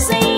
sem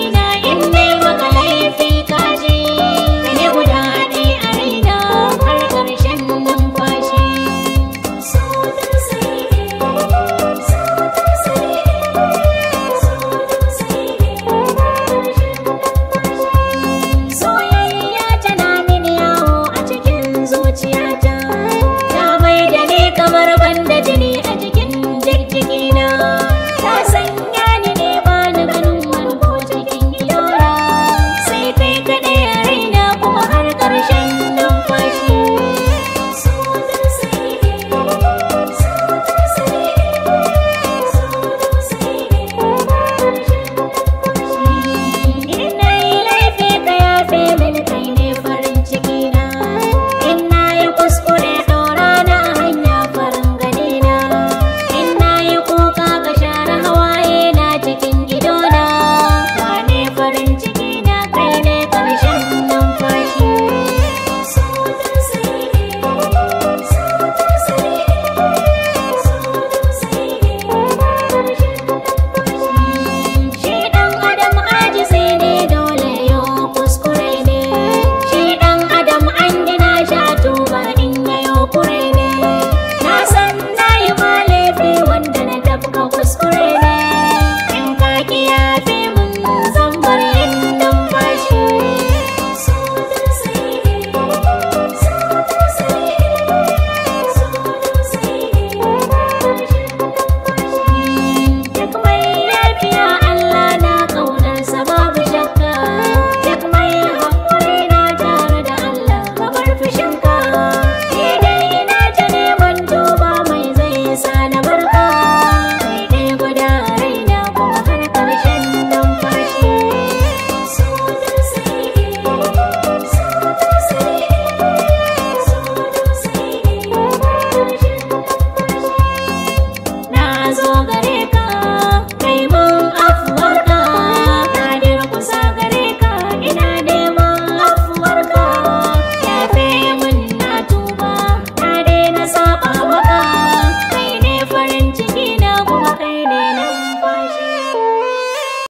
đi đêm